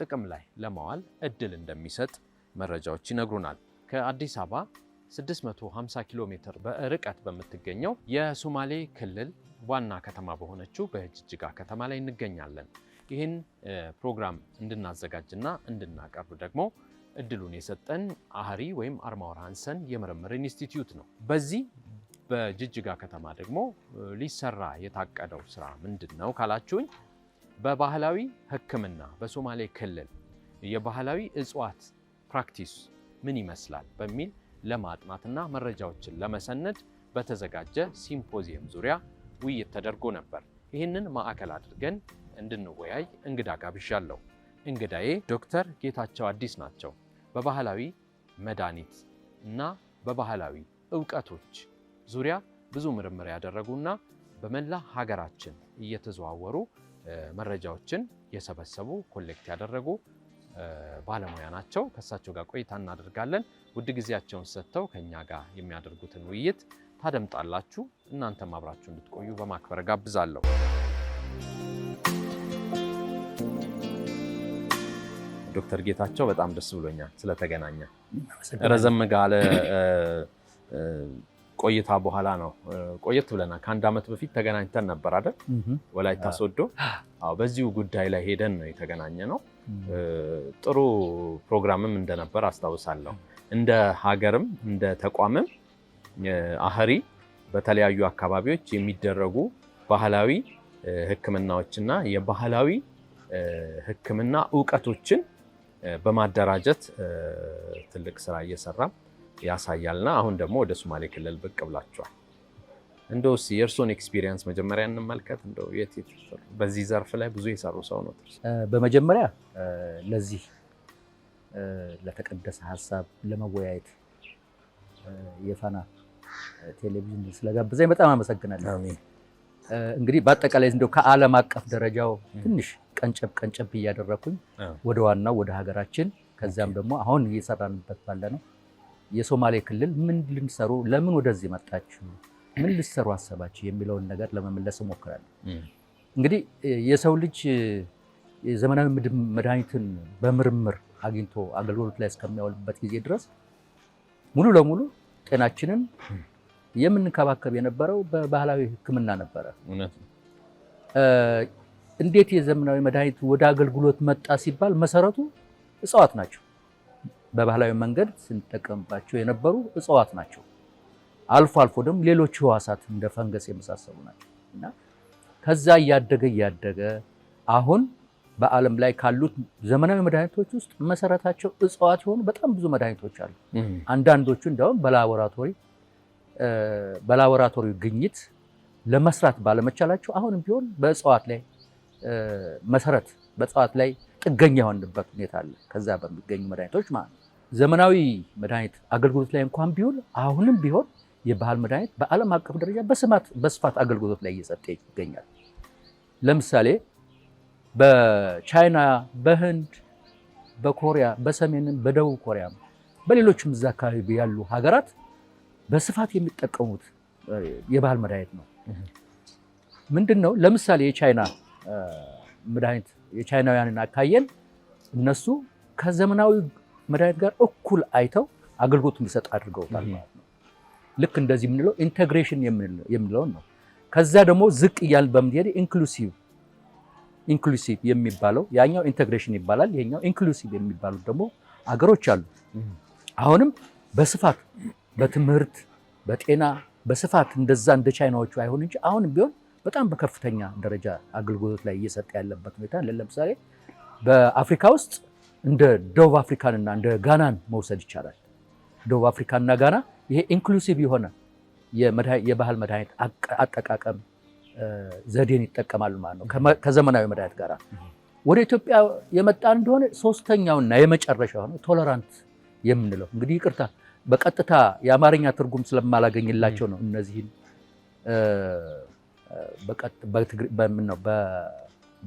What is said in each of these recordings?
ጥቅም ላይ ለማዋል እድል እንደሚሰጥ መረጃዎች ይነግሩናል። ከአዲስ አበባ 650 ኪሎ ሜትር በርቀት በምትገኘው የሶማሌ ክልል ዋና ከተማ በሆነችው በጅጅጋ ከተማ ላይ እንገኛለን። ይህን ፕሮግራም እንድናዘጋጅና እንድናቀርብ ደግሞ እድሉን የሰጠን አህሪ ወይም አርማወር ሃንሰን የምርምር ኢንስቲትዩት ነው። በዚህ በጅጅጋ ከተማ ደግሞ ሊሰራ የታቀደው ስራ ምንድን ነው ካላችሁኝ በባህላዊ ሕክምና በሶማሌ ክልል የባህላዊ እጽዋት ፕራክቲስ ምን ይመስላል በሚል ለማጥናትና መረጃዎችን ለመሰነድ በተዘጋጀ ሲምፖዚየም ዙሪያ ውይይት ተደርጎ ነበር። ይህንን ማዕከል አድርገን እንድንወያይ እንግዳ ጋብዣለሁ። እንግዳዬ ዶክተር ጌታቸው አዲስ ናቸው። በባህላዊ መድኃኒት እና በባህላዊ እውቀቶች ዙሪያ ብዙ ምርምር ያደረጉና በመላ ሀገራችን እየተዘዋወሩ መረጃዎችን የሰበሰቡ ኮሌክት ያደረጉ ባለሙያ ናቸው። ከእሳቸው ጋር ቆይታ እናደርጋለን። ውድ ጊዜያቸውን ሰጥተው ከእኛ ጋር የሚያደርጉትን ውይይት ታደምጣላችሁ። እናንተም አብራችሁ እንድትቆዩ በማክበር ጋብዛለሁ። ዶክተር ጌታቸው በጣም ደስ ብሎኛል ስለተገናኘ ረዘም ካለ ቆይታ በኋላ ነው። ቆየት ብለናል። ከአንድ ዓመት በፊት ተገናኝተን ነበር አይደል? ወላይታ ሶዶ። በዚሁ ጉዳይ ላይ ሄደን ነው የተገናኘ ነው። ጥሩ ፕሮግራምም እንደነበር አስታውሳለሁ። እንደ ሀገርም እንደ ተቋምም አህሪ በተለያዩ አካባቢዎች የሚደረጉ ባህላዊ ሕክምናዎችና የባህላዊ ሕክምና እውቀቶችን በማደራጀት ትልቅ ስራ እየሰራ ያሳያልና አሁን ደግሞ ወደ ሶማሌ ክልል ብቅ ብላችኋል። እንደው እስኪ የእርስዎን ኤክስፒሪየንስ መጀመሪያ እንመልከት። እንደው የት በዚህ ዘርፍ ላይ ብዙ የሰሩ ሰው ነው። በመጀመሪያ ለዚህ ለተቀደሰ ሀሳብ ለመወያየት የፋና ቴሌቪዥን ስለጋብዘኝ በጣም አመሰግናለሁ። እንግዲህ በአጠቃላይ እንደው ከዓለም አቀፍ ደረጃው ትንሽ ቀንጨብ ቀንጨብ እያደረኩኝ ወደ ዋናው ወደ ሀገራችን ከዚያም ደግሞ አሁን እየሰራንበት ባለ ነው የሶማሌ ክልል ምን ልንሰሩ ለምን ወደዚህ መጣችሁ ምን ልሰሩ አሰባችሁ የሚለውን ነገር ለመመለስ እሞክራለሁ። እንግዲህ የሰው ልጅ ዘመናዊ መድኃኒትን በምርምር አግኝቶ አገልግሎት ላይ እስከሚያውልበት ጊዜ ድረስ ሙሉ ለሙሉ ጤናችንን የምንከባከብ የነበረው በባህላዊ ሕክምና ነበረ። እንዴት የዘመናዊ መድኃኒት ወደ አገልግሎት መጣ ሲባል መሰረቱ እጽዋት ናቸው። በባህላዊ መንገድ ስንጠቀምባቸው የነበሩ እጽዋት ናቸው። አልፎ አልፎ ደግሞ ሌሎች ህዋሳት እንደ ፈንገስ የመሳሰሉ ናቸው እና ከዛ እያደገ እያደገ አሁን በዓለም ላይ ካሉት ዘመናዊ መድኃኒቶች ውስጥ መሰረታቸው እጽዋት የሆኑ በጣም ብዙ መድኃኒቶች አሉ። አንዳንዶቹ እንዲያውም በላቦራቶሪ በላቦራቶሪ ግኝት ለመስራት ባለመቻላቸው አሁንም ቢሆን በእጽዋት ላይ መሰረት በእጽዋት ላይ ጥገኛ የሆንበት ሁኔታ አለ። ከዛ በሚገኙ መድኃኒቶች ማለት ነው። ዘመናዊ መድኃኒት አገልግሎት ላይ እንኳን ቢውል አሁንም ቢሆን የባህል መድኃኒት በዓለም አቀፍ ደረጃ በስፋት አገልግሎት ላይ እየሰጠ ይገኛል። ለምሳሌ በቻይና፣ በህንድ፣ በኮሪያ፣ በሰሜንም፣ በደቡብ ኮሪያም በሌሎችም እዛ አካባቢ ያሉ ሀገራት በስፋት የሚጠቀሙት የባህል መድኃኒት ነው። ምንድን ነው? ለምሳሌ የቻይና መድኃኒት የቻይናውያንን አካየን እነሱ ከዘመናዊ መድኃኒት ጋር እኩል አይተው አገልግሎት እንዲሰጥ አድርገውታል ማለት ነው። ልክ እንደዚህ የምንለው ኢንቴግሬሽን የምንለውን ነው። ከዛ ደግሞ ዝቅ እያል በምትሄድ ኢንክሉሲቭ ኢንክሉሲቭ የሚባለው ያኛው ኢንቴግሬሽን ይባላል። ይሄኛው ኢንክሉሲቭ የሚባሉት ደግሞ አገሮች አሉ። አሁንም በስፋት በትምህርት በጤና በስፋት እንደዛ እንደ ቻይናዎቹ አይሆን እንጂ አሁንም ቢሆን በጣም በከፍተኛ ደረጃ አገልግሎት ላይ እየሰጠ ያለበት ሁኔታ ለምሳሌ በአፍሪካ ውስጥ እንደ ደቡብ አፍሪካንና እንደ ጋናን መውሰድ ይቻላል። ደቡብ አፍሪካና ጋና ይሄ ኢንክሉሲቭ የሆነ የባህል መድኃኒት አጠቃቀም ዘዴን ይጠቀማሉ ማለት ነው ከዘመናዊ መድኃኒት ጋር። ወደ ኢትዮጵያ የመጣ እንደሆነ ሶስተኛውና የመጨረሻ የሆነው ቶለራንት የምንለው እንግዲህ ይቅርታ በቀጥታ የአማርኛ ትርጉም ስለማላገኝላቸው ነው እነዚህን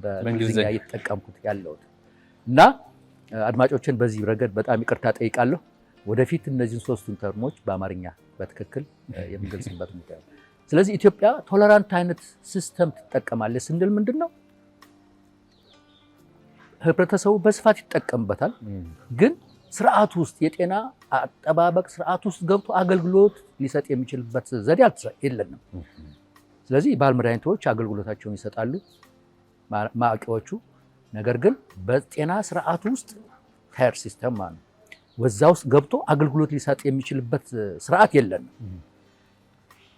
በእንግሊዝኛ እየተጠቀምኩት ያለሁት እና አድማጮችን በዚህ ረገድ በጣም ይቅርታ ጠይቃለሁ። ወደፊት እነዚህን ሶስቱን ተርሞች በአማርኛ በትክክል የምንገልጽበት ሁኔታ ስለዚህ ኢትዮጵያ ቶለራንት አይነት ሲስተም ትጠቀማለች ስንል ምንድን ነው? ህብረተሰቡ በስፋት ይጠቀምበታል፣ ግን ስርዓት ውስጥ የጤና አጠባበቅ ስርዓት ውስጥ ገብቶ አገልግሎት ሊሰጥ የሚችልበት ዘዴ የለንም። ስለዚህ ባህል መድኃኒቶች አገልግሎታቸውን ይሰጣሉ ማዕቂዎቹ ነገር ግን በጤና ስርዓት ውስጥ ታየር ሲስተም ማለት ነው። ወዛ ውስጥ ገብቶ አገልግሎት ሊሰጥ የሚችልበት ስርዓት የለን።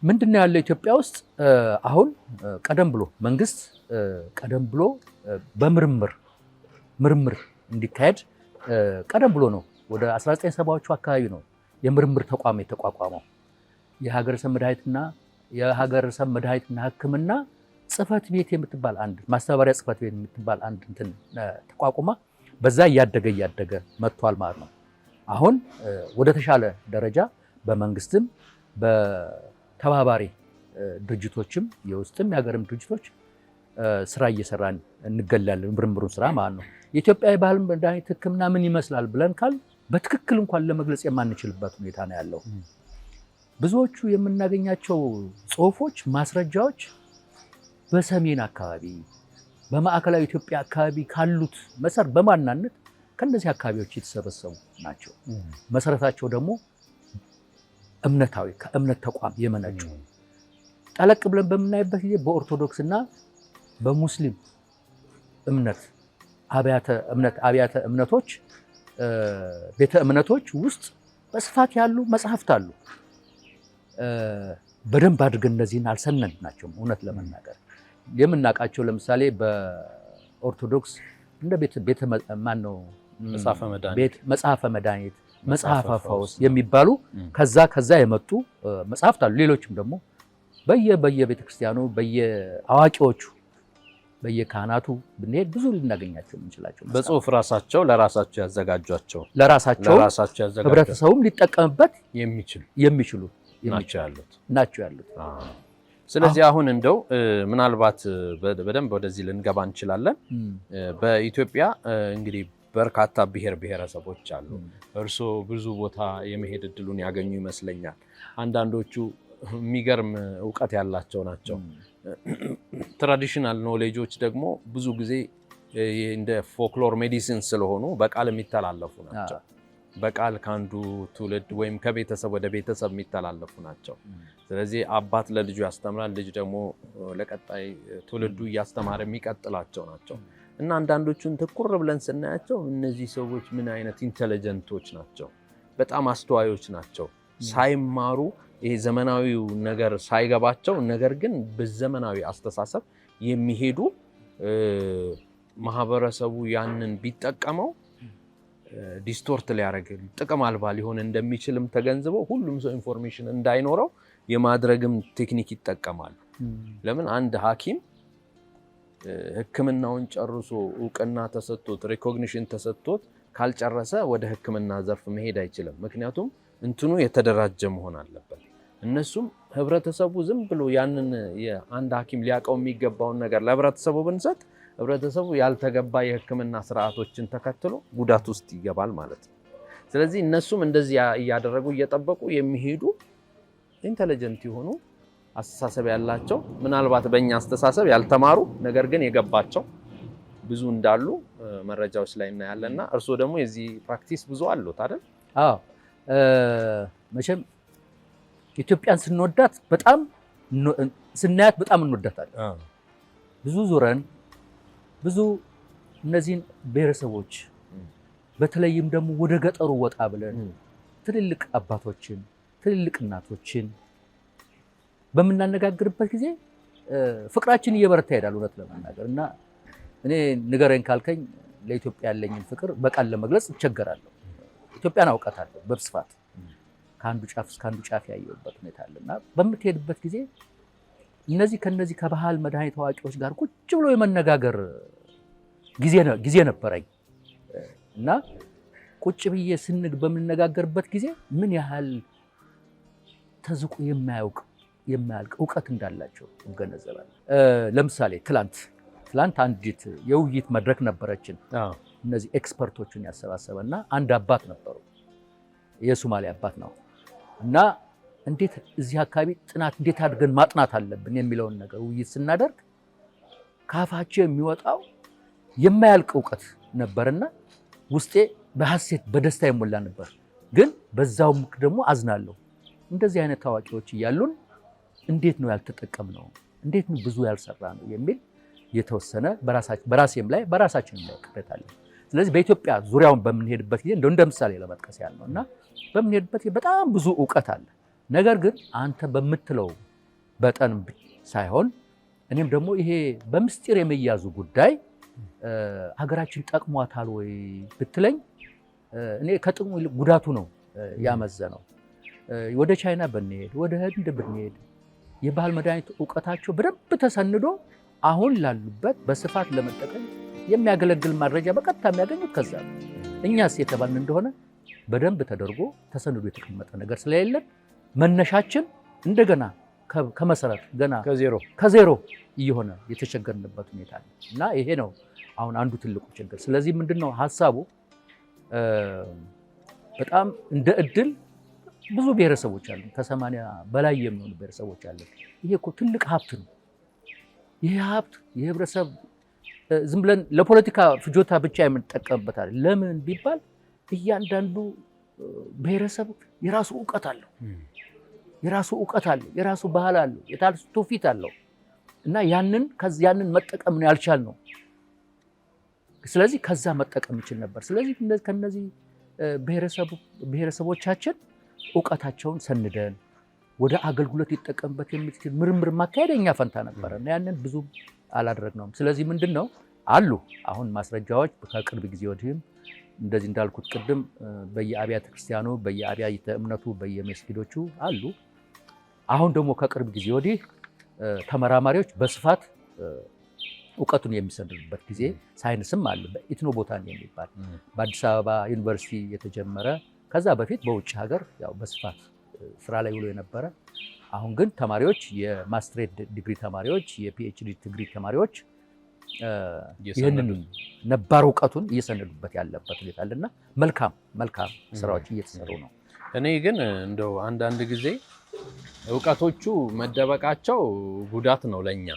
ምንድን ነው ያለው ኢትዮጵያ ውስጥ አሁን ቀደም ብሎ መንግስት ቀደም ብሎ በምርምር ምርምር እንዲካሄድ ቀደም ብሎ ነው ወደ 1970ዎቹ አካባቢ ነው የምርምር ተቋም የተቋቋመው የሀገረሰብ መድኃኒትና የሀገረሰብ መድኃኒትና ሕክምና ጽህፈት ቤት የምትባል አንድ ማስተባበሪያ ጽህፈት ቤት የምትባል አንድ እንትን ተቋቁማ በዛ እያደገ እያደገ መጥቷል ማለት ነው። አሁን ወደ ተሻለ ደረጃ በመንግስትም በተባባሪ ድርጅቶችም የውስጥም የሀገርም ድርጅቶች ስራ እየሰራን እንገላለን። ምርምሩን ስራ ማለት ነው። የኢትዮጵያ የባህል መድኃኒት ሕክምና ምን ይመስላል ብለን ካል በትክክል እንኳን ለመግለጽ የማንችልበት ሁኔታ ነው ያለው። ብዙዎቹ የምናገኛቸው ጽሁፎች፣ ማስረጃዎች በሰሜን አካባቢ በማዕከላዊ ኢትዮጵያ አካባቢ ካሉት መሰር በማናነት ከእነዚህ አካባቢዎች የተሰበሰቡ ናቸው። መሰረታቸው ደግሞ እምነታዊ ከእምነት ተቋም የመነጩ ጠለቅ ብለን በምናይበት ጊዜ በኦርቶዶክስና በሙስሊም እምነት አብያተ እምነቶች ቤተ እምነቶች ውስጥ በስፋት ያሉ መጽሐፍት አሉ። በደንብ አድርገን እነዚህን አልሰነን ናቸው እውነት ለመናገር የምናውቃቸው ለምሳሌ በኦርቶዶክስ እንደ ቤተ ማን ነው መጽሐፈ መድኃኒት፣ መጽሐፈ ፈውስ የሚባሉ ከዛ ከዛ የመጡ መጽሐፍት አሉ። ሌሎችም ደግሞ በየ ቤተ ክርስቲያኑ በየ በየካህናቱ ብንሄድ ብዙ ልናገኛቸው የምንችላቸው በጽሁፍ ራሳቸው ለራሳቸው ያዘጋጇቸው ለራሳቸው ህብረተሰቡም ሊጠቀምበት የሚችሉ ናቸው ያሉት። ስለዚህ አሁን እንደው ምናልባት በደንብ ወደዚህ ልንገባ እንችላለን። በኢትዮጵያ እንግዲህ በርካታ ብሔር ብሔረሰቦች አሉ። እርስዎ ብዙ ቦታ የመሄድ እድሉን ያገኙ ይመስለኛል። አንዳንዶቹ የሚገርም እውቀት ያላቸው ናቸው። ትራዲሽናል ኖሌጆች ደግሞ ብዙ ጊዜ እንደ ፎክሎር ሜዲሲን ስለሆኑ በቃል የሚተላለፉ ናቸው። በቃል ከአንዱ ትውልድ ወይም ከቤተሰብ ወደ ቤተሰብ የሚተላለፉ ናቸው። ስለዚህ አባት ለልጁ ያስተምራል፣ ልጅ ደግሞ ለቀጣይ ትውልዱ እያስተማረ የሚቀጥላቸው ናቸው እና አንዳንዶቹን ትኩር ብለን ስናያቸው እነዚህ ሰዎች ምን አይነት ኢንቴሊጀንቶች ናቸው፣ በጣም አስተዋዮች ናቸው። ሳይማሩ ይሄ ዘመናዊው ነገር ሳይገባቸው፣ ነገር ግን በዘመናዊ አስተሳሰብ የሚሄዱ ማህበረሰቡ ያንን ቢጠቀመው ዲስቶርት ሊያደርግ ጥቅም አልባ ሊሆን እንደሚችልም ተገንዝበው ሁሉም ሰው ኢንፎርሜሽን እንዳይኖረው የማድረግም ቴክኒክ ይጠቀማሉ። ለምን አንድ ሐኪም ሕክምናውን ጨርሶ እውቅና ተሰጥቶት ሪኮግኒሽን ተሰጥቶት ካልጨረሰ ወደ ሕክምና ዘርፍ መሄድ አይችልም። ምክንያቱም እንትኑ የተደራጀ መሆን አለበት። እነሱም ህብረተሰቡ ዝም ብሎ ያንን የአንድ ሐኪም ሊያውቀው የሚገባውን ነገር ለህብረተሰቡ ብንሰጥ ህብረተሰቡ ያልተገባ የህክምና ስርዓቶችን ተከትሎ ጉዳት ውስጥ ይገባል ማለት ነው። ስለዚህ እነሱም እንደዚህ እያደረጉ እየጠበቁ የሚሄዱ ኢንተለጀንት የሆኑ አስተሳሰብ ያላቸው ምናልባት በእኛ አስተሳሰብ ያልተማሩ ነገር ግን የገባቸው ብዙ እንዳሉ መረጃዎች ላይ እናያለን። እና እርስዎ ደግሞ የዚህ ፕራክቲስ ብዙ አሉት አይደል? መቼም ኢትዮጵያን ስንወዳት በጣም ስናያት በጣም እንወዳታለን። ብዙ ዙረን ብዙ እነዚህን ብሔረሰቦች በተለይም ደግሞ ወደ ገጠሩ ወጣ ብለን ትልልቅ አባቶችን ትልልቅ እናቶችን በምናነጋግርበት ጊዜ ፍቅራችን እየበረታ ይሄዳል። እውነት ለመናገር እና እኔ ንገረኝ ካልከኝ ለኢትዮጵያ ያለኝን ፍቅር በቃል ለመግለጽ እቸገራለሁ። ኢትዮጵያን አውቀታለሁ በስፋት ከአንዱ ጫፍ እስከ አንዱ ጫፍ ያየሁበት ሁኔታ እና በምትሄድበት ጊዜ እነዚህ ከነዚህ ከባህል መድኃኒት አዋቂዎች ጋር ቁጭ ብሎ የመነጋገር ጊዜ ነበረኝ እና ቁጭ ብዬ ስንግ በምነጋገርበት ጊዜ ምን ያህል ተዝቆ የማያውቅ የማያልቅ እውቀት እንዳላቸው እንገነዘባለን። ለምሳሌ ትላንት ትላንት አንዲት የውይይት መድረክ ነበረችን። እነዚህ ኤክስፐርቶችን ያሰባሰበ እና አንድ አባት ነበሩ፣ የሶማሌ አባት ነው እና እንዴት እዚህ አካባቢ ጥናት እንዴት አድርገን ማጥናት አለብን የሚለውን ነገር ውይይት ስናደርግ ካፋቸው የሚወጣው የማያልቅ እውቀት ነበርና ውስጤ በሐሴት በደስታ የሞላ ነበር። ግን በዛው ምክ ደግሞ አዝናለሁ። እንደዚህ አይነት ታዋቂዎች እያሉን እንዴት ነው ያልተጠቀምነው? እንዴት ነው ብዙ ያልሰራ ነው የሚል የተወሰነ በራሴም ላይ በራሳችን ላይ ቅሬታ አለ። ስለዚህ በኢትዮጵያ ዙሪያውን በምንሄድበት ጊዜ እንደ ምሳሌ ለመጥቀስ ያልነው እና በምንሄድበት በጣም ብዙ እውቀት አለ ነገር ግን አንተ በምትለው በጠን ሳይሆን እኔም ደግሞ ይሄ በምስጢር የመያዙ ጉዳይ ሀገራችን ጠቅሟታል ወይ ብትለኝ እኔ ከጥቅሙ ይልቅ ጉዳቱ ነው ያመዘ ነው። ወደ ቻይና ብንሄድ፣ ወደ ህንድ ብንሄድ የባህል መድኃኒት እውቀታቸው በደንብ ተሰንዶ አሁን ላሉበት በስፋት ለመጠቀም የሚያገለግል ማድረጃ በቀጥታ የሚያገኙት ከዛ ነው። እኛስ የተባልን እንደሆነ በደንብ ተደርጎ ተሰንዶ የተቀመጠ ነገር ስለሌለን መነሻችን እንደገና ከመሰረት ገና ከዜሮ ከዜሮ እየሆነ የተቸገርንበት ሁኔታ አለ እና ይሄ ነው አሁን አንዱ ትልቁ ችግር። ስለዚህ ምንድን ነው ሀሳቡ በጣም እንደ እድል ብዙ ብሔረሰቦች አሉ። ከሰማንያ በላይ የሚሆኑ ብሔረሰቦች አለ። ይሄ እኮ ትልቅ ሀብት ነው። ይሄ ሀብት የህብረተሰብ ዝም ብለን ለፖለቲካ ፍጆታ ብቻ አለ። ለምን ቢባል እያንዳንዱ ብሔረሰብ የራሱ እውቀት አለው። የራሱ እውቀት አለው፣ የራሱ ባህል አለው፣ የራሱ ትውፊት አለው እና ያንን ያንን መጠቀም ነው ያልቻል ነው። ስለዚህ ከዛ መጠቀም ይችል ነበር። ስለዚህ ከነዚህ ብሔረሰቦቻችን እውቀታቸውን ሰንደን ወደ አገልግሎት ይጠቀምበት የሚችል ምርምር ማካሄድ ፈንታ ነበረ እና ያንን ብዙም አላደረግነውም። ስለዚህ ምንድን ነው አሉ አሁን ማስረጃዎች ከቅርብ ጊዜ ወዲህም እንደዚህ እንዳልኩት ቅድም በየአብያተ ክርስቲያኑ በየአብያተ እምነቱ በየመስጊዶቹ አሉ። አሁን ደግሞ ከቅርብ ጊዜ ወዲህ ተመራማሪዎች በስፋት እውቀቱን የሚሰንዱበት ጊዜ ሳይንስም አለ። በኢትኖ ቦታን የሚባል በአዲስ አበባ ዩኒቨርሲቲ የተጀመረ ከዛ በፊት በውጭ ሀገር ያው በስፋት ስራ ላይ ውሎ የነበረ አሁን ግን ተማሪዎች የማስትሬት ዲግሪ ተማሪዎች፣ የፒኤችዲ ዲግሪ ተማሪዎች ይህንን ነባር እውቀቱን እየሰነዱበት ያለበት ሁኔታ አለና መልካም መልካም ስራዎች እየተሰሩ ነው። እኔ ግን እንደው አንዳንድ ጊዜ እውቀቶቹ መደበቃቸው ጉዳት ነው ለኛ።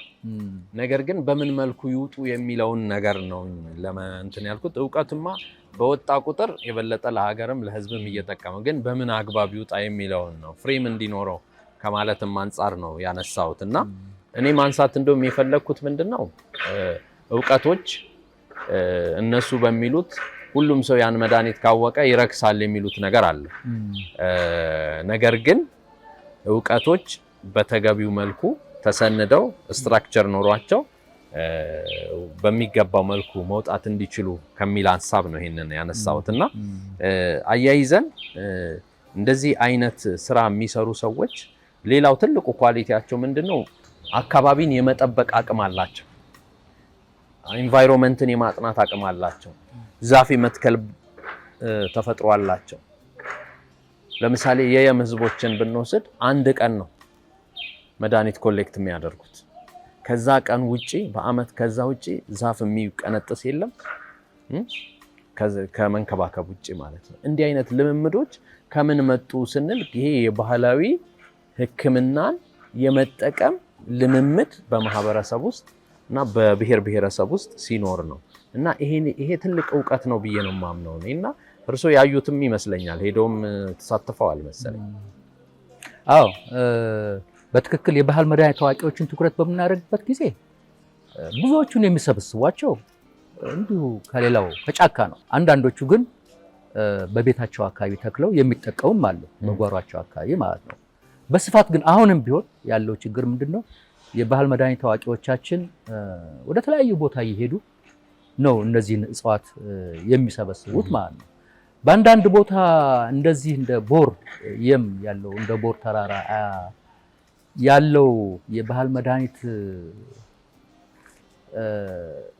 ነገር ግን በምን መልኩ ይውጡ የሚለውን ነገር ነው ለእንትን ያልኩት። እውቀትማ በወጣ ቁጥር የበለጠ ለሀገርም ለህዝብም እየጠቀመ ግን በምን አግባብ ይውጣ የሚለውን ነው ፍሬም እንዲኖረው ከማለትም አንጻር ነው ያነሳሁት እና እኔ ማንሳት እንደውም የፈለግኩት ምንድን ነው እውቀቶች እነሱ በሚሉት ሁሉም ሰው ያን መድኃኒት ካወቀ ይረክሳል የሚሉት ነገር አለ ነገር ግን እውቀቶች በተገቢው መልኩ ተሰንደው ስትራክቸር ኖሯቸው በሚገባው መልኩ መውጣት እንዲችሉ ከሚል ሀሳብ ነው ይሄንን ያነሳሁት እና አያይዘን እንደዚህ አይነት ስራ የሚሰሩ ሰዎች ሌላው ትልቁ ኳሊቲያቸው ምንድነው? አካባቢን የመጠበቅ አቅም አላቸው። ኢንቫይሮንመንትን የማጥናት አቅም አላቸው። ዛፍ የመትከል ተፈጥሮ አላቸው። ለምሳሌ የየም ህዝቦችን ብንወስድ አንድ ቀን ነው መድኃኒት ኮሌክት የሚያደርጉት። ከዛ ቀን ውጪ በአመት ከዛ ውጪ ዛፍ የሚቀነጥስ የለም ከመንከባከብ ውጭ ማለት ነው። እንዲህ አይነት ልምምዶች ከምን መጡ ስንል ይሄ የባህላዊ ህክምናን የመጠቀም ልምምድ በማህበረሰብ ውስጥ እና በብሔር ብሔረሰብ ውስጥ ሲኖር ነው እና ይሄ ትልቅ እውቀት ነው ብዬ ነው የማምነው እና እርስዎ ያዩትም ይመስለኛል ሄደውም ተሳትፈዋል መሰለኝ። አዎ በትክክል የባህል መድኃኒት አዋቂዎችን ትኩረት በምናደርግበት ጊዜ ብዙዎቹን የሚሰበስቧቸው እንዲሁ ከሌላው ከጫካ ነው። አንዳንዶቹ ግን በቤታቸው አካባቢ ተክለው የሚጠቀሙም አለ በጓሯቸው አካባቢ ማለት ነው። በስፋት ግን አሁንም ቢሆን ያለው ችግር ምንድን ነው? የባህል መድኃኒት አዋቂዎቻችን ወደ ተለያዩ ቦታ እየሄዱ ነው እነዚህን እጽዋት የሚሰበስቡት ማለት ነው። በአንዳንድ ቦታ እንደዚህ እንደ ቦር የም ያለው እንደ ቦር ተራራ ያለው የባህል መድኃኒት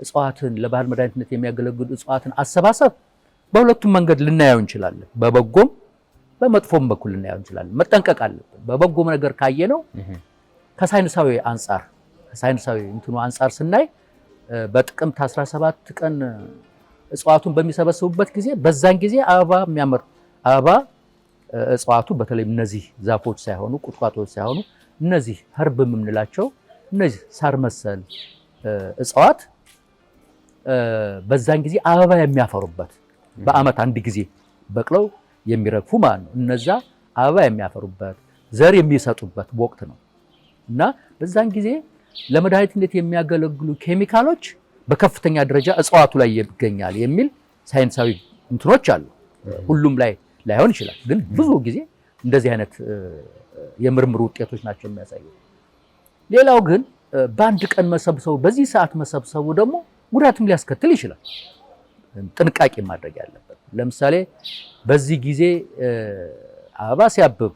እጽዋትን ለባህል መድኃኒትነት የሚያገለግሉ እጽዋትን አሰባሰብ በሁለቱም መንገድ ልናየው እንችላለን። በበጎም በመጥፎም በኩል ልናየው እንችላለን። መጠንቀቅ አለብን። በበጎም ነገር ካየነው ከሳይንሳዊ አንጻር ከሳይንሳዊ እንትኑ አንጻር ስናይ በጥቅምት 17 ቀን እጽዋቱን በሚሰበስቡበት ጊዜ በዛን ጊዜ አበባ የሚያምር አበባ እጽዋቱ በተለይ እነዚህ ዛፎች ሳይሆኑ ቁጥቋጦች ሳይሆኑ እነዚህ ሀርብ የምንላቸው እነዚህ ሳር መሰል እጽዋት በዛን ጊዜ አበባ የሚያፈሩበት በአመት አንድ ጊዜ በቅለው የሚረግፉ ማለት ነው። እነዛ አበባ የሚያፈሩበት ዘር የሚሰጡበት ወቅት ነው እና በዛን ጊዜ ለመድኃኒትነት የሚያገለግሉ ኬሚካሎች በከፍተኛ ደረጃ እጽዋቱ ላይ ይገኛል የሚል ሳይንሳዊ እንትኖች አሉ። ሁሉም ላይ ላይሆን ይችላል፣ ግን ብዙ ጊዜ እንደዚህ አይነት የምርምር ውጤቶች ናቸው የሚያሳዩ። ሌላው ግን በአንድ ቀን መሰብሰቡ፣ በዚህ ሰዓት መሰብሰቡ ደግሞ ጉዳትም ሊያስከትል ይችላል። ጥንቃቄ ማድረግ ያለበት ለምሳሌ በዚህ ጊዜ አበባ ሲያብብ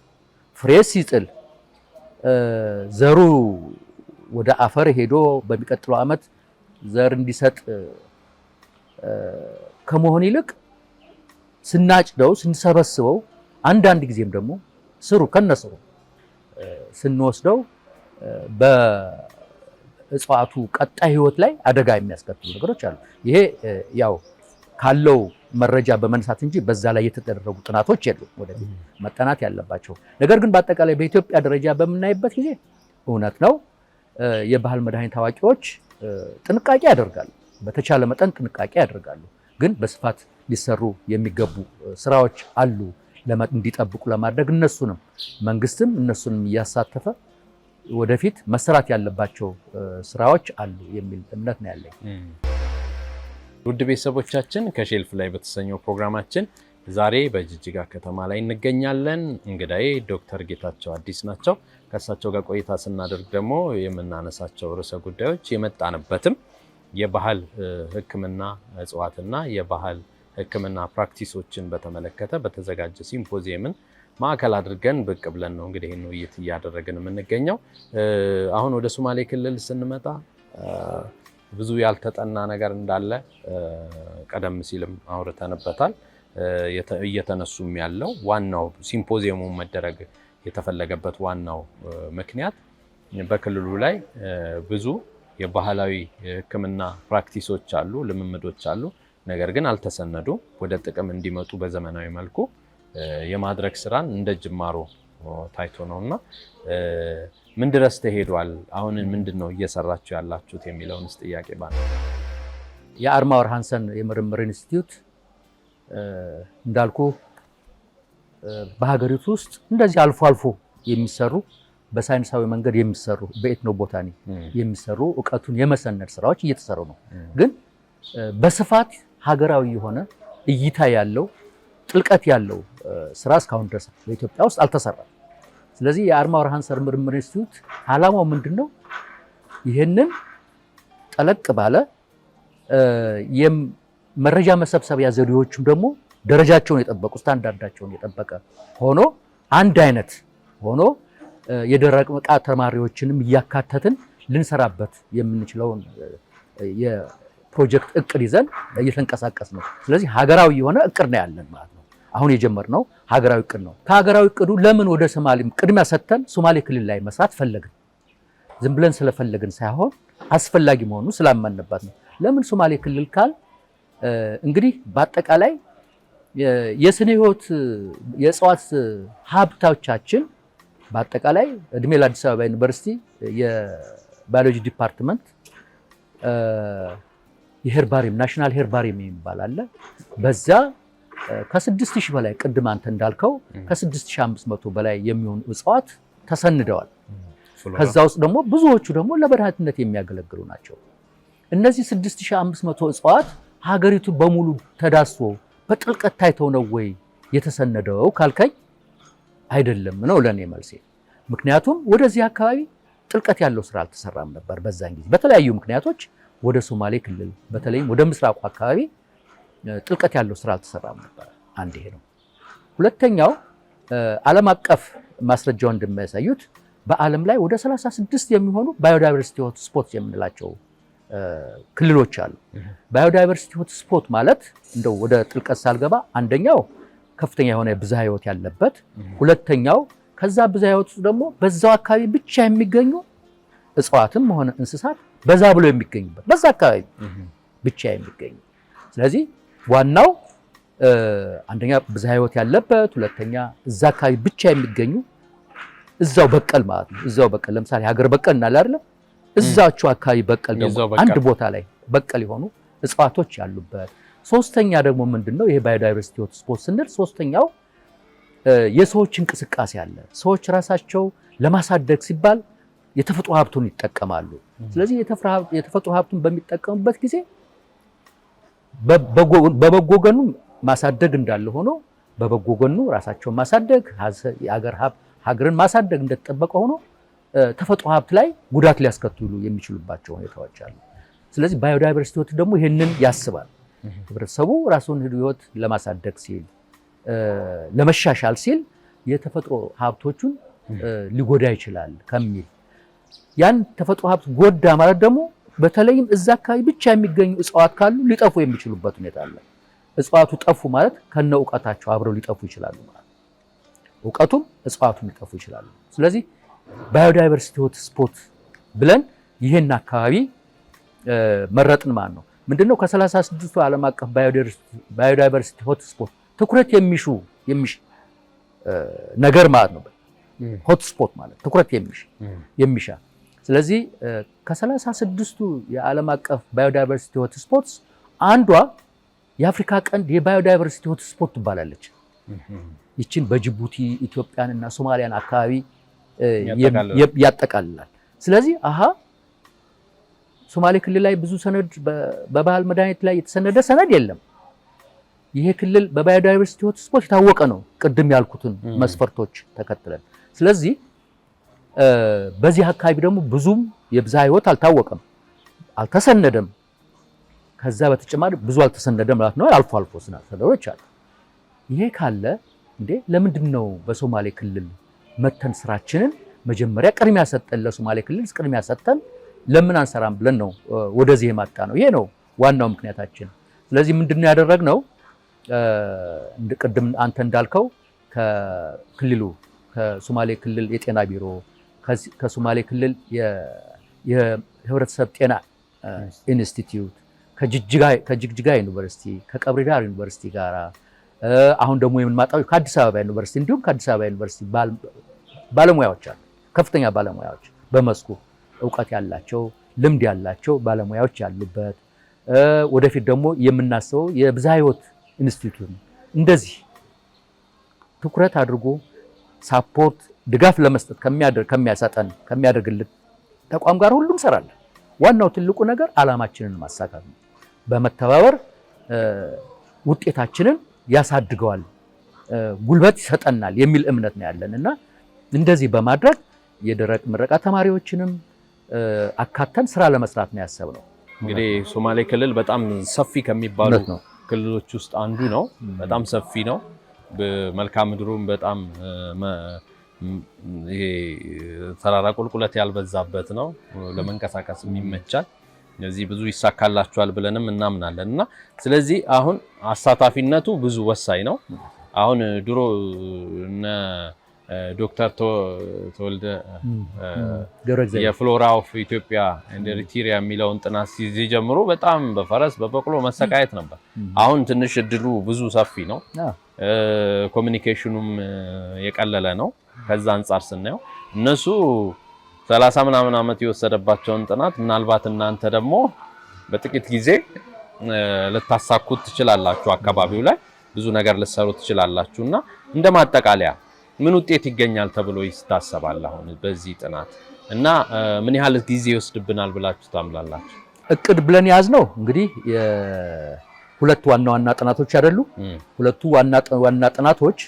ፍሬ ሲጥል ዘሩ ወደ አፈር ሄዶ በሚቀጥለው ዓመት ዘር እንዲሰጥ ከመሆን ይልቅ ስናጭደው ስንሰበስበው አንዳንድ ጊዜም ደግሞ ስሩ ከነስሩ ስንወስደው በእጽዋቱ ቀጣይ ህይወት ላይ አደጋ የሚያስከትሉ ነገሮች አሉ። ይሄ ያው ካለው መረጃ በመነሳት እንጂ በዛ ላይ የተደረጉ ጥናቶች የሉ ወደፊት መጠናት ያለባቸው። ነገር ግን በአጠቃላይ በኢትዮጵያ ደረጃ በምናይበት ጊዜ እውነት ነው የባህል መድኃኒት አዋቂዎች ጥንቃቄ ያደርጋሉ። በተቻለ መጠን ጥንቃቄ ያደርጋሉ። ግን በስፋት ሊሰሩ የሚገቡ ስራዎች አሉ እንዲጠብቁ ለማድረግ እነሱንም መንግስትም እነሱንም እያሳተፈ ወደፊት መሰራት ያለባቸው ስራዎች አሉ የሚል እምነት ነው ያለኝ። ውድ ቤተሰቦቻችን ከሼልፍ ላይ በተሰኘው ፕሮግራማችን ዛሬ በጅጅጋ ከተማ ላይ እንገኛለን። እንግዳዬ ዶክተር ጌታቸው አዲስ ናቸው። ከእሳቸው ጋር ቆይታ ስናደርግ ደግሞ የምናነሳቸው ርዕሰ ጉዳዮች የመጣንበትም የባህል ሕክምና እጽዋትና የባህል ሕክምና ፕራክቲሶችን በተመለከተ በተዘጋጀ ሲምፖዚየምን ማዕከል አድርገን ብቅ ብለን ነው እንግዲህ ይህን ውይይት እያደረግን የምንገኘው። አሁን ወደ ሶማሌ ክልል ስንመጣ ብዙ ያልተጠና ነገር እንዳለ ቀደም ሲልም አውርተንበታል። እየተነሱም ያለው ዋናው ሲምፖዚየሙን መደረግ የተፈለገበት ዋናው ምክንያት በክልሉ ላይ ብዙ የባህላዊ ሕክምና ፕራክቲሶች አሉ፣ ልምምዶች አሉ። ነገር ግን አልተሰነዱ ወደ ጥቅም እንዲመጡ በዘመናዊ መልኩ የማድረግ ስራን እንደ ጅማሮ ታይቶ ነው እና ምን ድረስ ተሄዷል? አሁን ምንድን ነው እየሰራችሁ ያላችሁት የሚለውንስ ጥያቄ ባ የአርማወር ሃንሰን የምርምር ኢንስቲትዩት እንዳልኩ በሀገሪቱ ውስጥ እንደዚህ አልፎ አልፎ የሚሰሩ በሳይንሳዊ መንገድ የሚሰሩ በኤትኖ ቦታኒ የሚሰሩ እውቀቱን የመሰነድ ስራዎች እየተሰሩ ነው። ግን በስፋት ሀገራዊ የሆነ እይታ ያለው ጥልቀት ያለው ስራ እስካሁን ድረስ በኢትዮጵያ ውስጥ አልተሰራም። ስለዚህ የአርማ ብርሃን ሰር ምርምር ኢንስቲትዩት ዓላማው ምንድን ነው? ይህንን ጠለቅ ባለ መረጃ መሰብሰቢያ ዘዴዎቹም ደግሞ ደረጃቸውን የጠበቁ ስታንዳርዳቸውን የጠበቀ ሆኖ አንድ አይነት ሆኖ የደረቅ ዕቃ ተማሪዎችንም እያካተትን ልንሰራበት የምንችለውን የፕሮጀክት እቅድ ይዘን እየተንቀሳቀስ ነው። ስለዚህ ሀገራዊ የሆነ እቅድ ነው ያለን ማለት ነው። አሁን የጀመርነው ሀገራዊ እቅድ ነው። ከሀገራዊ እቅዱ ለምን ወደ ሶማሌም ቅድሚያ ሰጥተን ሶማሌ ክልል ላይ መስራት ፈለግን? ዝም ብለን ስለፈለግን ሳይሆን አስፈላጊ መሆኑ ስላመንበት ነው። ለምን ሶማሌ ክልል ካል እንግዲህ በአጠቃላይ የስነ ህይወት የእጽዋት ሀብታዎቻችን በአጠቃላይ እድሜ ለአዲስ አበባ ዩኒቨርሲቲ የባዮሎጂ ዲፓርትመንት የሄርባሪም ናሽናል ሄርባሪም የሚባል አለ። በዛ ከስድስት ሺህ በላይ ቅድም አንተ እንዳልከው ከስድስት ሺህ አምስት መቶ በላይ የሚሆኑ እጽዋት ተሰንደዋል። ከዛ ውስጥ ደግሞ ብዙዎቹ ደግሞ ለመድኃኒትነት የሚያገለግሉ ናቸው። እነዚህ 6500 እጽዋት ሀገሪቱ በሙሉ ተዳስሶ በጥልቀት ታይቶ ነው ወይ የተሰነደው ካልከኝ አይደለም ነው ለእኔ መልሴ። ምክንያቱም ወደዚህ አካባቢ ጥልቀት ያለው ስራ አልተሰራም ነበር በዛን ጊዜ በተለያዩ ምክንያቶች ወደ ሶማሌ ክልል በተለይም ወደ ምስራቁ አካባቢ ጥልቀት ያለው ስራ አልተሰራም ነበር። አንድ ይሄ ነው። ሁለተኛው ዓለም አቀፍ ማስረጃው እንደሚያሳዩት በዓለም ላይ ወደ 36 የሚሆኑ ባዮዳይቨርሲቲ ሆት ስፖት የምንላቸው ክልሎች አሉ። ባዮዳይቨርሲቲ ሆትስፖት ማለት እንደው ወደ ጥልቀት ሳልገባ አንደኛው ከፍተኛ የሆነ ብዝሃ ህይወት ያለበት፣ ሁለተኛው ከዛ ብዝሃ ህይወት ውስጥ ደግሞ በዛው አካባቢ ብቻ የሚገኙ እጽዋትም ሆነ እንስሳት በዛ ብሎ የሚገኙበት በዛ አካባቢ ብቻ የሚገኙ ስለዚህ ዋናው አንደኛ ብዝሃ ህይወት ያለበት፣ ሁለተኛ እዛ አካባቢ ብቻ የሚገኙ እዛው በቀል ማለት ነው። እዛው በቀል ለምሳሌ ሀገር በቀል እናለ አይደለም እዛቹ አካባቢ በቀል አንድ ቦታ ላይ በቀል የሆኑ እጽዋቶች ያሉበት። ሶስተኛ ደግሞ ምንድነው ይሄ ባዮዳይቨርሲቲ ሆት ስፖት ስንል ሶስተኛው የሰዎች እንቅስቃሴ አለ። ሰዎች ራሳቸው ለማሳደግ ሲባል የተፈጥሮ ሀብቱን ይጠቀማሉ። ስለዚህ የተፈጥሮ ሀብቱን በሚጠቀሙበት ጊዜ በበጎገኑ ማሳደግ እንዳለ ሆኖ በበጎገኑ ራሳቸው ራሳቸውን ማሳደግ ሀገር ሀብት ሀገርን ማሳደግ እንደተጠበቀ ሆኖ ተፈጥሮ ሀብት ላይ ጉዳት ሊያስከትሉ የሚችሉባቸው ሁኔታዎች አሉ። ስለዚህ ባዮዳይቨርሲቲ ህይወት ደግሞ ይህንን ያስባል። ህብረተሰቡ ራሱን ህይወት ለማሳደግ ሲል ለመሻሻል ሲል የተፈጥሮ ሀብቶቹን ሊጎዳ ይችላል ከሚል ያን ተፈጥሮ ሀብት ጎዳ ማለት ደግሞ በተለይም እዛ አካባቢ ብቻ የሚገኙ እጽዋት ካሉ ሊጠፉ የሚችሉበት ሁኔታ አለ። እጽዋቱ ጠፉ ማለት ከነ እውቀታቸው አብረው ሊጠፉ ይችላሉ ማለት እውቀቱም እጽዋቱም ሊጠፉ ይችላሉ። ስለዚህ ባዮዳይቨርሲቲ ሆት ስፖት ብለን ይህን አካባቢ መረጥን ማለት ነው። ምንድነው ከ36ቱ ዓለም አቀፍ ባዮዳይቨርሲቲ ሆት ስፖት ትኩረት የሚሹ የሚሽ ነገር ማለት ነው። ሆት ስፖት ማለት ትኩረት የሚሽ የሚሻ ስለዚህ ከ36ቱ የዓለም አቀፍ ባዮዳይቨርሲቲ ሆት ስፖት አንዷ የአፍሪካ ቀንድ የባዮዳይቨርሲቲ ሆት ስፖት ትባላለች። ይችን በጅቡቲ ኢትዮጵያን እና ሶማሊያን አካባቢ ያጠቃልላል። ስለዚህ አሀ ሶማሌ ክልል ላይ ብዙ ሰነድ በባህል መድኃኒት ላይ የተሰነደ ሰነድ የለም። ይሄ ክልል በባዮዳይቨርሲቲ ሆትስፖት የታወቀ ነው፣ ቅድም ያልኩትን መስፈርቶች ተከትለን። ስለዚህ በዚህ አካባቢ ደግሞ ብዙም የብዝሃ ህይወት አልታወቀም፣ አልተሰነደም። ከዛ በተጨማሪ ብዙ አልተሰነደም ማለት ነው። አልፎ አልፎ ስናሰደሮች አሉ። ይሄ ካለ እንዴ ለምንድን ነው በሶማሌ ክልል መተን ስራችንን መጀመሪያ ቅድሚያ ሰጠን ለሶማሌ ክልል ቅድሚያ ሰጠን ለምን አንሰራም ብለን ነው ወደዚህ የማጣ ነው። ይሄ ነው ዋናው ምክንያታችን። ስለዚህ ምንድን ነው ያደረግነው? ቅድም አንተ እንዳልከው ከክልሉ ከሶማሌ ክልል የጤና ቢሮ ከሶማሌ ክልል የህብረተሰብ ጤና ኢንስቲትዩት ከጅግጅጋ ዩኒቨርሲቲ ከቀብሪዳር ዩኒቨርሲቲ ጋራ አሁን ደግሞ የምንማጣው ከአዲስ አበባ ዩኒቨርሲቲ እንዲሁም ከአዲስ አበባ ዩኒቨርሲቲ ባለሙያዎች አሉ። ከፍተኛ ባለሙያዎች በመስኩ እውቀት ያላቸው ልምድ ያላቸው ባለሙያዎች ያሉበት ወደፊት ደግሞ የምናስበው የብዝሃ ሕይወት ኢንስቲትዩት እንደዚህ ትኩረት አድርጎ ሳፖርት ድጋፍ ለመስጠት ከሚያሰጠን ከሚያደርግልን ተቋም ጋር ሁሉ እንሰራለን። ዋናው ትልቁ ነገር አላማችንን ማሳካት ነው። በመተባበር ውጤታችንን ያሳድገዋል፣ ጉልበት ይሰጠናል የሚል እምነት ነው ያለን እና እንደዚህ በማድረግ የደረቅ ምረቃ ተማሪዎችንም አካተን ስራ ለመስራት ነው ያሰብነው። እንግዲህ ሶማሌ ክልል በጣም ሰፊ ከሚባሉ ክልሎች ውስጥ አንዱ ነው። በጣም ሰፊ ነው። መልክዓ ምድሩም በጣም ተራራ ቁልቁለት ያልበዛበት ነው። ለመንቀሳቀስ የሚመቻል ለዚህ ብዙ ይሳካላችኋል ብለንም እናምናለን እና ስለዚህ አሁን አሳታፊነቱ ብዙ ወሳኝ ነው። አሁን ድሮ እነ ዶክተር ተወልደ የፍሎራ ኦፍ ኢትዮጵያ ሪቲሪያ የሚለውን ጥናት ሲጀምሩ በጣም በፈረስ በበቅሎ መሰቃየት ነበር። አሁን ትንሽ እድሉ ብዙ ሰፊ ነው። ኮሚኒኬሽኑም የቀለለ ነው። ከዛ አንጻር ስናየው እነሱ ሰላሳ ምናምን ዓመት የወሰደባቸውን ጥናት ምናልባት እናንተ ደግሞ በጥቂት ጊዜ ልታሳኩት ትችላላችሁ። አካባቢው ላይ ብዙ ነገር ልትሰሩ ትችላላችሁ። እና እንደ ማጠቃለያ ምን ውጤት ይገኛል ተብሎ ይታሰባል አሁን በዚህ ጥናት እና ምን ያህል ጊዜ ይወስድብናል ብላችሁ ታምላላችሁ? እቅድ ብለን የያዝ ነው እንግዲህ ሁለት ዋና ዋና ጥናቶች አይደሉ። ሁለቱ ዋና ዋና ጥናቶች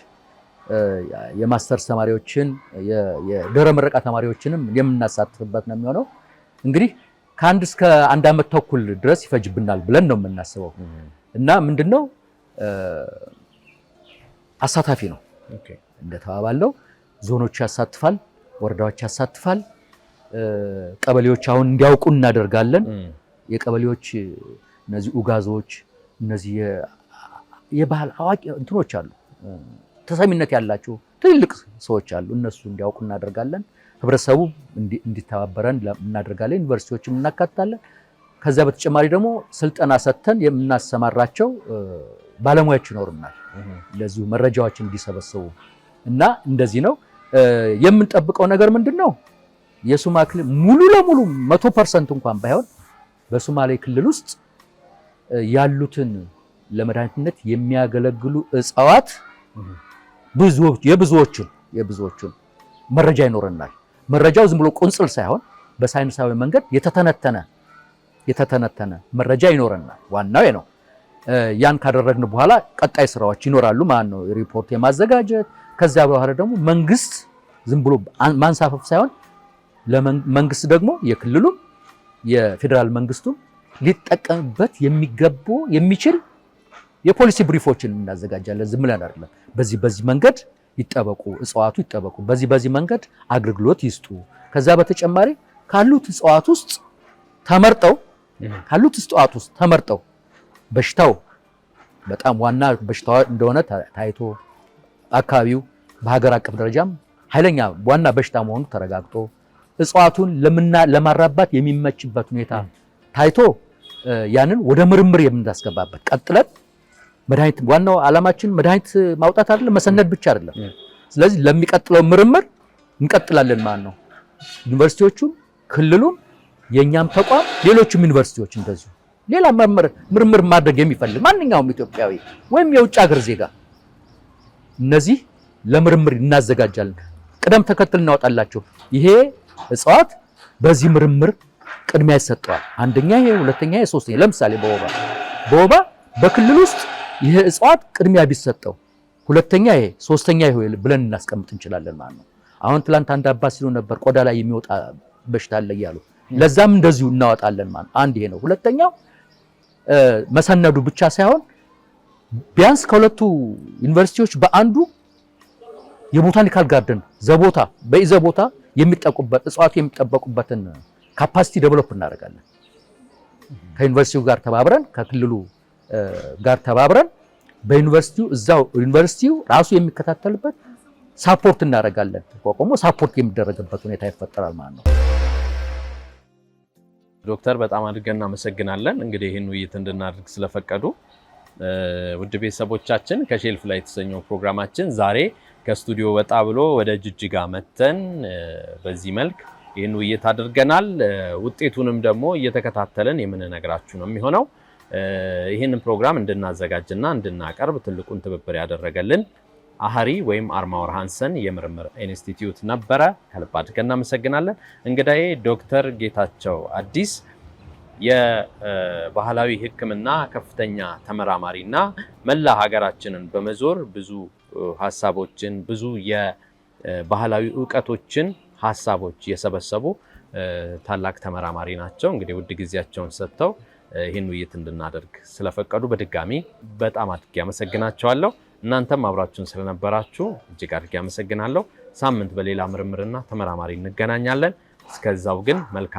የማስተርስ ተማሪዎችን የድህረ ምረቃ ተማሪዎችንም የምናሳትፍበት ነው የሚሆነው። እንግዲህ ከአንድ እስከ አንድ ዓመት ተኩል ድረስ ይፈጅብናል ብለን ነው የምናስበው እና ምንድነው አሳታፊ ነው እንደተባባለው ዞኖች ያሳትፋል፣ ወረዳዎች ያሳትፋል፣ ቀበሌዎች አሁን እንዲያውቁ እናደርጋለን። የቀበሌዎች እነዚህ ኡጋዞች እነዚህ የባህል አዋቂ እንትኖች አሉ ተሰሚነት ያላቸው ትልልቅ ሰዎች አሉ። እነሱ እንዲያውቁ እናደርጋለን። ህብረተሰቡ እንዲተባበረን እናደርጋለን። ዩኒቨርሲቲዎችም እናካትታለን። ከዚያ በተጨማሪ ደግሞ ስልጠና ሰጥተን የምናሰማራቸው ባለሙያዎች ይኖሩናል። ለዚሁ መረጃዎችን እንዲሰበስቡ እና እንደዚህ ነው የምንጠብቀው ነገር ምንድን ነው የሱማ ክልል ሙሉ ለሙሉ መቶ ፐርሰንት እንኳን ባይሆን በሱማሌ ክልል ውስጥ ያሉትን ለመድኃኒትነት የሚያገለግሉ እጽዋት የብዙዎቹን የብዙዎቹን መረጃ ይኖረናል። መረጃው ዝም ብሎ ቁንጽል ሳይሆን በሳይንሳዊ መንገድ የተተነተነ የተተነተነ መረጃ ይኖረናል። ዋናው ነው። ያን ካደረግን በኋላ ቀጣይ ስራዎች ይኖራሉ ማለት ነው። ሪፖርት የማዘጋጀት ከዚያ በኋላ ደግሞ መንግስት ዝም ብሎ ማንሳፈፍ ሳይሆን ለመንግስት ደግሞ የክልሉም የፌዴራል መንግስቱም ሊጠቀምበት የሚገቡ የሚችል የፖሊሲ ብሪፎችን እናዘጋጃለን። ዝም ብለን አይደለም። በዚህ በዚህ መንገድ ይጠበቁ፣ እጽዋቱ ይጠበቁ፣ በዚህ በዚህ መንገድ አገልግሎት ይስጡ። ከዛ በተጨማሪ ካሉት እጽዋት ውስጥ ተመርጠው ካሉት እጽዋት ውስጥ ተመርጠው በሽታው በጣም ዋና በሽታው እንደሆነ ታይቶ አካባቢው በሀገር አቀፍ ደረጃም ኃይለኛ ዋና በሽታ መሆኑ ተረጋግጦ እጽዋቱን ለማራባት የሚመችበት ሁኔታ ታይቶ ያንን ወደ ምርምር የምናስገባበት ቀጥለን መድኃኒት ዋናው ዓላማችን መድኃኒት ማውጣት አይደለም፣ መሰነድ ብቻ አይደለም። ስለዚህ ለሚቀጥለው ምርምር እንቀጥላለን ማለት ነው። ዩኒቨርሲቲዎቹም፣ ክልሉም፣ የእኛም ተቋም፣ ሌሎችም ዩኒቨርሲቲዎች እንደዚሁ ሌላ ምርምር ማድረግ የሚፈልግ ማንኛውም ኢትዮጵያዊ ወይም የውጭ ሀገር ዜጋ እነዚህ ለምርምር እናዘጋጃለን። ቅደም ተከተል እናወጣላቸው። ይሄ እጽዋት በዚህ ምርምር ቅድሚያ ይሰጠዋል። አንደኛ ይሄ፣ ሁለተኛ ይሄ፣ ሶስተኛ። ለምሳሌ በወባ በወባ በክልል ውስጥ ይሄ እጽዋት ቅድሚያ ቢሰጠው ሁለተኛ ይሄ ሶስተኛ ይሄ ብለን እናስቀምጥ እንችላለን ማለት ነው። አሁን ትላንት አንድ አባት ሲሉ ነበር ቆዳ ላይ የሚወጣ በሽታ አለ እያሉ፣ ለዛም እንደዚሁ እናወጣለን ማለት አንድ ይሄ ነው። ሁለተኛው መሰነዱ ብቻ ሳይሆን ቢያንስ ከሁለቱ ዩኒቨርሲቲዎች በአንዱ የቦታኒካል ጋርደን ዘቦታ በኢዘቦታ የሚጠቁበት እጽዋቱ የሚጠበቁበትን ካፓሲቲ ዴቨሎፕ እናደርጋለን ከዩኒቨርሲቲው ጋር ተባብረን ከክልሉ ጋር ተባብረን በዩኒቨርሲቲው እዛው ዩኒቨርሲቲው ራሱ የሚከታተልበት ሳፖርት እናደርጋለን። ተቋቁሞ ሳፖርት የሚደረግበት ሁኔታ ይፈጠራል ማለት ነው። ዶክተር በጣም አድርገን እናመሰግናለን። እንግዲህ ይህን ውይይት እንድናደርግ ስለፈቀዱ ውድ ቤተሰቦቻችን ከሼልፍ ላይ የተሰኘው ፕሮግራማችን ዛሬ ከስቱዲዮ ወጣ ብሎ ወደ ጅጅጋ መተን በዚህ መልክ ይህን ውይይት አድርገናል። ውጤቱንም ደግሞ እየተከታተልን የምንነግራችሁ ነው የሚሆነው። ይህንን ፕሮግራም እንድናዘጋጅና እንድናቀርብ ትልቁን ትብብር ያደረገልን አህሪ ወይም አርማወር ሃንሰን የምርምር ኢንስቲትዩት ነበረ። ከልብ አድርገን እናመሰግናለን። እንግዳዬ ዶክተር ጌታቸው አዲስ የባህላዊ ሕክምና ከፍተኛ ተመራማሪ እና መላ ሀገራችንን በመዞር ብዙ ሀሳቦችን ብዙ የባህላዊ እውቀቶችን ሀሳቦች የሰበሰቡ ታላቅ ተመራማሪ ናቸው። እንግዲህ ውድ ጊዜያቸውን ሰጥተው ይህን ውይይት እንድናደርግ ስለፈቀዱ በድጋሚ በጣም አድርጌ አመሰግናቸዋለሁ። እናንተም አብራችሁን ስለነበራችሁ እጅግ አድጌ አመሰግናለሁ። ሳምንት በሌላ ምርምርና ተመራማሪ እንገናኛለን። እስከዛው ግን መልካም